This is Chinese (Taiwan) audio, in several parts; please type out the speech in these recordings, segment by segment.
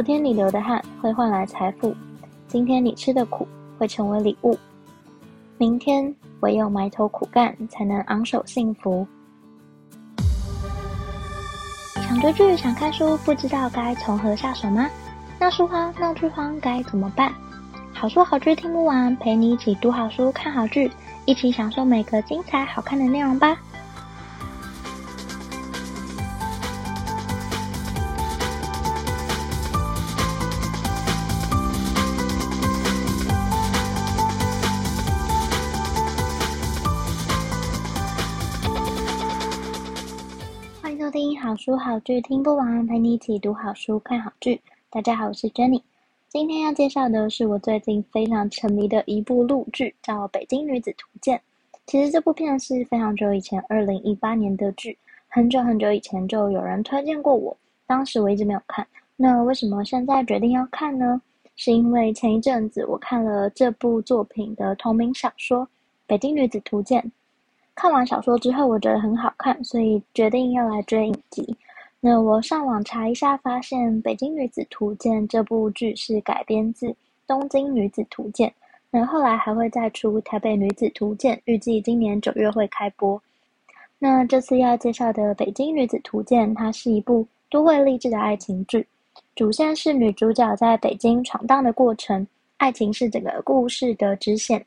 昨天你流的汗會換來財富，今天你吃的苦會成為禮物，明天唯有埋頭苦幹才能昂首幸福。想追劇想看書，不知道該從何下手嗎？鬧書荒鬧劇荒該怎麼辦？好書好劇聽不完，陪你一起讀好書、看好劇，一起享受每個精彩好看的內容吧。聽好書好劇，聽不完，陪你一起讀好書、看好劇。大家好，我是 Jenny，今天要介紹的是我最近非常沉迷的一部陸劇，叫《北京女子圖鑑》。其實這部片是非常久以前，二零一八年的劇，很久很久以前就有人推薦過我，當時我一直沒有看。那為什麼現在決定要看呢？是因為前一陣子我看了這部作品的同名小說《北京女子圖鑑》。看完小說之後，我覺得很好看，所以決定要來追影集。那我上網查一下，發現《北京女子圖鑑》這部劇是改編自《東京女子圖鑑》，那後來還會再出《台北女子圖鑑》，預計今年九月會開播。那這次要介紹的《北京女子圖鑑》，它是一部都會勵志的愛情劇，主線是女主角在北京闖蕩的過程，愛情是整個故事的支線。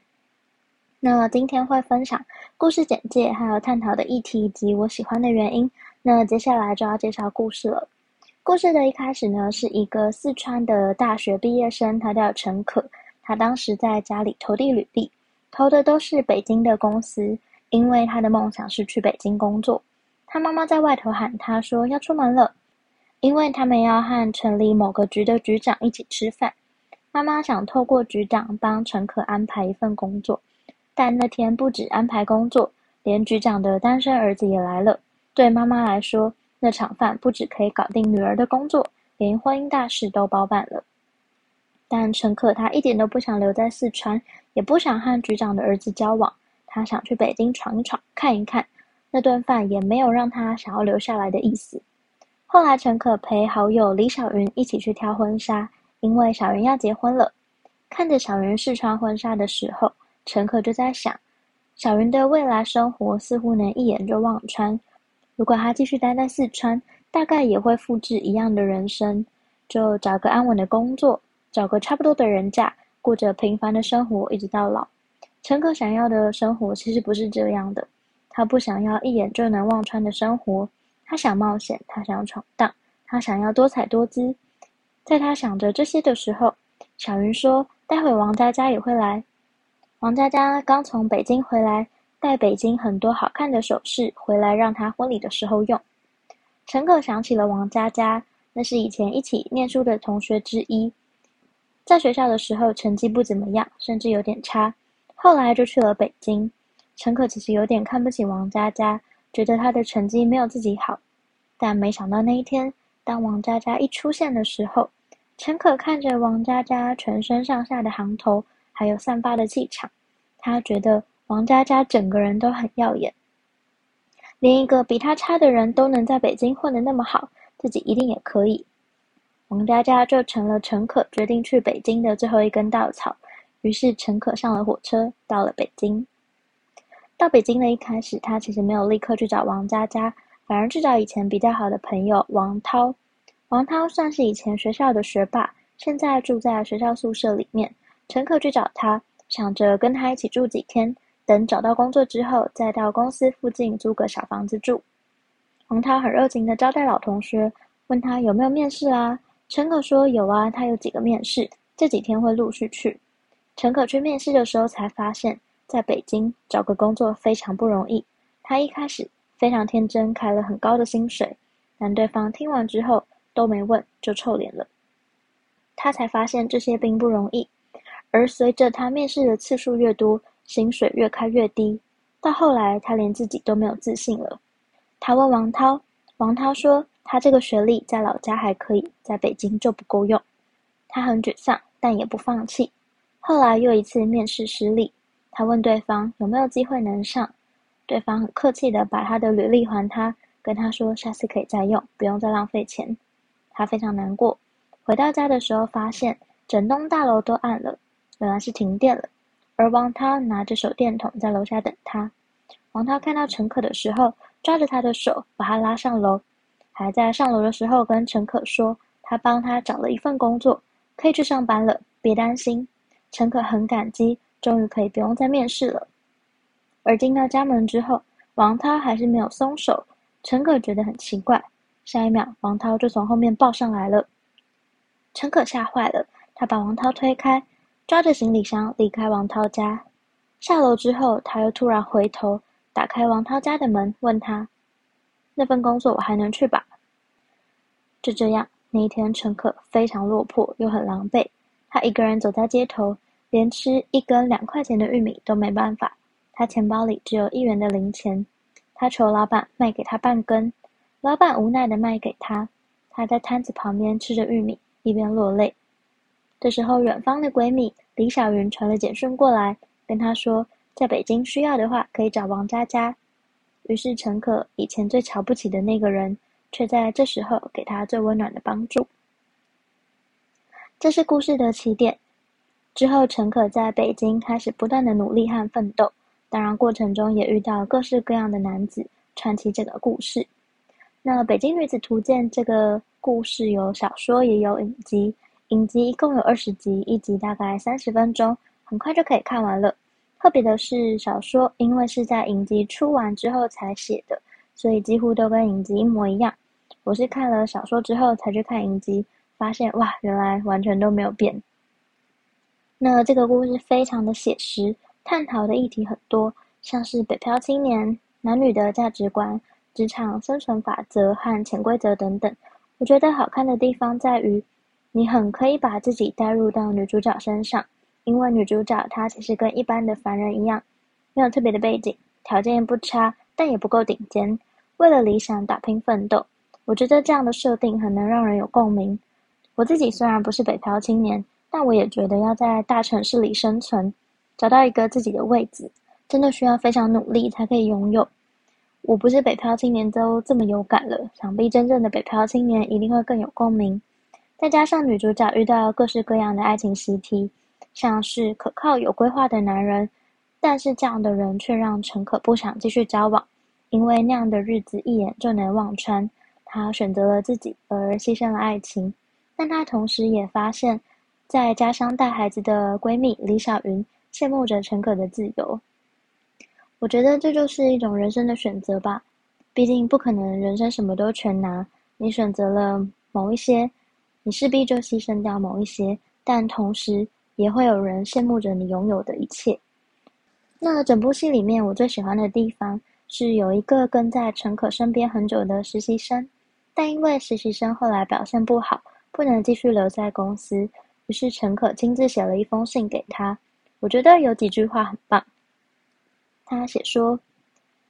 那今天會分享。故事簡介，還有探討的議題以及我喜歡的原因。那接下來就要介紹故事了。故事的一開始呢，是一個四川的大學畢業生，他叫陳可。他當時在家裡投遞履歷，投的都是北京的公司，因為他的夢想是去北京工作。他媽媽在外頭喊他說要出門了，因為他們要和城裡某個局的局長一起吃飯。媽媽想透過局長幫陳可安排一份工作。但那天不止安排工作，連局長的單身兒子也來了。對媽媽來說，那場飯不止可以搞定女兒的工作，連婚姻大事都包辦了。但陳可她一點都不想留在四川，也不想和局長的兒子交往。她想去北京闖一闖，看一看。那頓飯也沒有讓她想要留下來的意思。後來，陳可陪好友李小雲一起去挑婚紗，因為小雲要結婚了。看着小雲試穿婚紗的時候，陳可就在想，小雲的未來生活似乎能一眼就望穿。如果他繼續待在四川，大概也會複製一樣的人生，就找個安穩的工作，找個差不多的人嫁，過着平凡的生活，一直到老。陳可想要的生活其實不是這樣的，他不想要一眼就能望穿的生活，他想冒險，他想闖蕩，他想要多彩多姿。在他想着這些的時候，小雲說：“待會王佳佳也會來。”王佳佳剛從北京回來，帶北京很多好看的首飾回來，讓她婚禮的時候用。陳可想起了王佳佳，那是以前一起念書的同學之一。在學校的時候，成績不怎麼樣，甚至有點差。後來就去了北京。陳可其實有點看不起王佳佳，覺得她的成績沒有自己好。但沒想到那一天，當王佳佳一出現的時候，陳可看着王佳佳全身上下的行頭。還有散發的氣場，他覺得王佳佳整個人都很耀眼，連一個比他差的人都能在北京混得那麼好，自己一定也可以。王佳佳就成了陳可決定去北京的最後一根稻草，於是陳可上了火車，到了北京。到北京的一開始，他其實沒有立刻去找王佳佳，反而去找以前比較好的朋友王濤。王濤算是以前學校的學霸，現在住在學校宿舍裡面。陳可去找他，想着跟他一起住幾天，等找到工作之後，再到公司附近租個小房子住。洪濤很熱情地招待老同學，問他有沒有面試啊？陳可說有啊，他有幾個面試，這幾天會陸續去。陳可去面試的時候才發現，在北京找個工作非常不容易。他一開始非常天真，開了很高的薪水，但對方聽完之後都沒問，就臭臉了。他才發現這些並不容易。而隨着他面試的次數越多，薪水越開越低，到後來他連自己都沒有自信了。他問王濤，王濤說他這個學歷在老家還可以，在北京就不夠用。他很沮喪，但也不放棄。後來又一次面試失利，他問對方有沒有機會能上，對方很客氣地把他的履歷還他，跟他說下次可以再用，不用再浪費錢。他非常難過。回到家的時候，發現整棟大樓都暗了。原來是停電了，而王濤拿着手電筒在樓下等他。王濤看到陳可的時候，抓着他的手把他拉上樓，還在上樓的時候跟陳可說：“他幫他找了一份工作，可以去上班了，別擔心。”陳可很感激，終於可以不用再面試了。而進到家門之後，王濤還是沒有鬆手，陳可覺得很奇怪。下一秒，王濤就從後面抱上來了，陳可嚇壞了，他把王濤推開。抓着行李箱離開王濤家，下樓之後，他又突然回頭，打開王濤家的門，問他：“那份工作我還能去吧？”就這樣，那一天，陳可非常落魄，又很狼狽，他一個人走在街頭，連吃一根兩塊錢的玉米都沒辦法，他錢包裡只有一元的零錢，他求老闆賣給他半根，老闆無奈的賣給他，他在攤子旁邊吃着玉米，一邊落淚。這時候，遠方的閨蜜李小云傳了簡訊過來，跟她說，在北京需要的話可以找王佳佳。於是陳可，陳可以前最瞧不起的那個人，卻在這時候給她最溫暖的幫助。這是故事的起點。之後，陳可在北京開始不斷的努力和奮鬥，當然過程中也遇到各式各樣的男子。串起這個故事，那《北京女子圖鑑》這個故事有小說也有影集。影集一共有二十集，一集大概三十分鐘，很快就可以看完了。特別的是，小說因為是在影集出完之後才寫的，所以幾乎都跟影集一模一樣。我是看了小說之後才去看影集，發現哇，原來完全都沒有變。那這個故事非常的寫實，探討的議題很多，像是北漂青年、男女的價值觀、職場生存法則和潛規則等等，我覺得好看的地方在於，你很可以把自己帶入到女主角身上，因為女主角她其實跟一般的凡人一樣，沒有特別的背景，條件不差，但也不夠頂尖。為了理想打拼奮鬥，我覺得這樣的設定很能讓人有共鳴。我自己雖然不是北漂青年，但我也覺得要在大城市裡生存，找到一個自己的位置，真的需要非常努力才可以擁有。我不是北漂青年都這麼有感了，想必真正的北漂青年一定會更有共鳴。再加上女主角遇到各式各樣的愛情習題，像是可靠有規劃的男人，但是這樣的人卻讓陳可不想繼續交往，因為那樣的日子一眼就能望穿。她選擇了自己，而犧牲了愛情。但她同時也發現，在家鄉帶孩子的閨蜜李曉雲羨慕着陳可的自由。我覺得這就是一種人生的選擇吧，畢竟不可能人生什麼都全拿。你選擇了某一些。你勢必就犧牲掉某一些，但同時也會有人羨慕着你擁有的一切。那整部戲裡面，我最喜歡的地方是有一個跟在陳可身邊很久的實習生，但因為實習生後來表現不好，不能繼續留在公司，於是陳可親自寫了一封信給他。我覺得有幾句話很棒，他寫說：“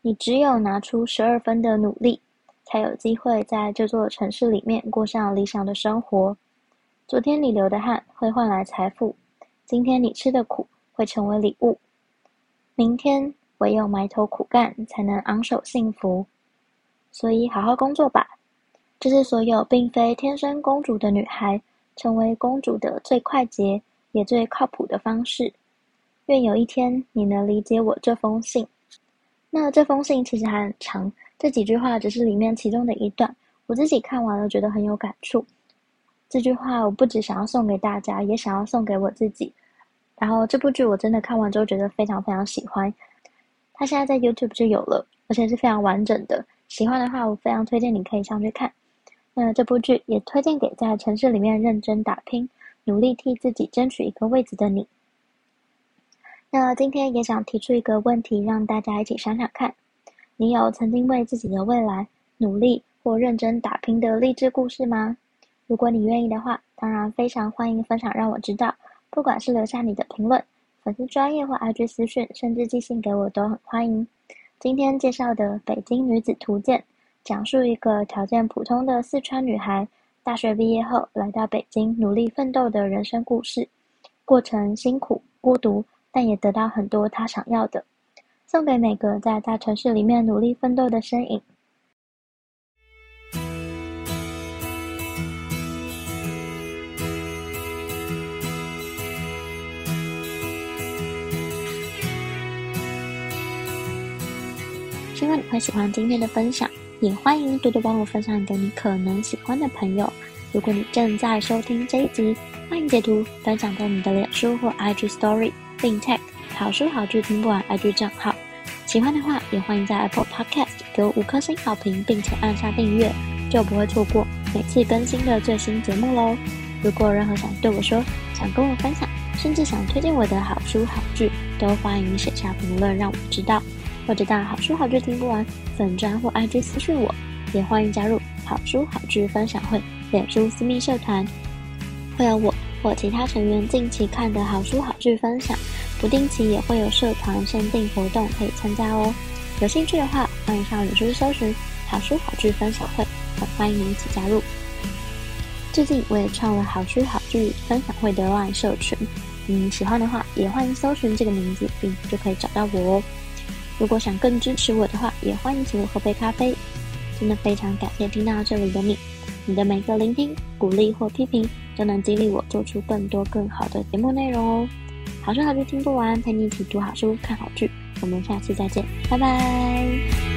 你只有拿出十二分的努力。”才有機會在這座城市裡面過上理想的生活。昨天你流的汗會換來財富，今天你吃的苦會成為禮物，明天唯有埋頭苦幹才能昂首幸福。所以好好工作吧，這是所有並非天生公主的女孩成為公主的最快捷也最靠譜的方式。願有一天你能理解我這封信。那這封信其實還很長。這幾句話只是裡面其中的一段，我自己看完了覺得很有感觸。這句話我不只想要送給大家，也想要送給我自己。然後這部劇我真的看完之後覺得非常非常喜歡，它現在在 YouTube 就有了，而且是非常完整的。喜歡的話，我非常推薦你可以上去看。那這部劇也推薦給在城市裡面認真打拼、努力替自己爭取一個位置的你。那今天也想提出一個問題，讓大家一起想想看。你有曾經為自己的未來努力或認真打拼的勵志故事嗎？如果你願意的話，當然非常歡迎分享，讓我知道。不管是留下你的評論、粉絲專頁或 IG 私訊，甚至寄信給我都很歡迎。今天介紹的《北京女子圖鑑》，講述一個條件普通的四川女孩，大學畢業後來到北京努力奮鬥的人生故事。過程辛苦、孤獨，但也得到很多她想要的。送給每個在大城市裡面努力奮鬥的身影。希望你會喜歡今天的分享，也歡迎多多幫我分享給你可能喜歡的朋友。如果你正在收聽這一集，歡迎截圖分享到你的臉書或 IG Story，並 tag 好書好劇聽不完 IG 賬號。喜歡的話，也歡迎在 Apple Podcast 給我五顆星好評，並且按下訂閱，就不會錯過每次更新的最新節目嘍。如果任何想對我說、想跟我分享，甚至想推薦我的好書好劇，都歡迎寫下評論讓我知道。或者，到好書好劇聽不完，粉專或 IG 私訊我，也歡迎加入好書好劇分享會臉書私密社團，會有我或其他成員近期看的好書好劇分享。不定期也會有社團限定活動可以參加哦，有興趣的話歡迎上語音搜尋“好書好劇分享會”，很歡迎你一起加入。最近我也創了好書好劇分享會的 line 社群，你喜歡的話也歡迎搜尋這個名字，並就可以找到我哦。如果想更支持我的話，也歡迎請我喝杯咖啡，真的非常感謝聽到這裡的你，你的每個聆聽、鼓勵或批評，都能激勵我做出更多更好的節目內容哦。好書好劇聽不完，陪你一起讀好書、看好劇，我們下期再見，拜拜。